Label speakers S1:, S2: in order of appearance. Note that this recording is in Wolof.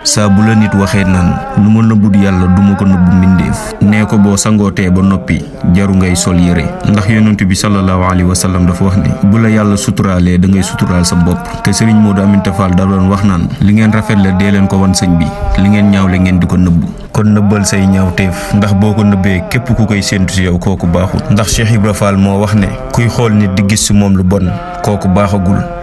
S1: saa bu la nit waxee naan lu ma nëbbut yàlla du ma ko nëbbu mbindéef nee ko boo sangootee ba noppi jaru ngay sol yëre ndax yonent bi sallallahu alayhi wa sallam dafa wax ne bu la yàlla suturaalee da ngay suturaal sa bopp te sëriñ moo Aminta Fall da daloon wax naan li ngeen rafetle dee leen ko wan sëñ bi li ngeen ñaawle ngeen di ko nëbbu kon nëbbal say teef ndax boo ko nëbbee képp ku koy séentu si yow kooku baaxul ndax Cheikh Ibra Fall moo wax ne kuy xool nit di gis si moom lu bon
S2: kooku baaxagul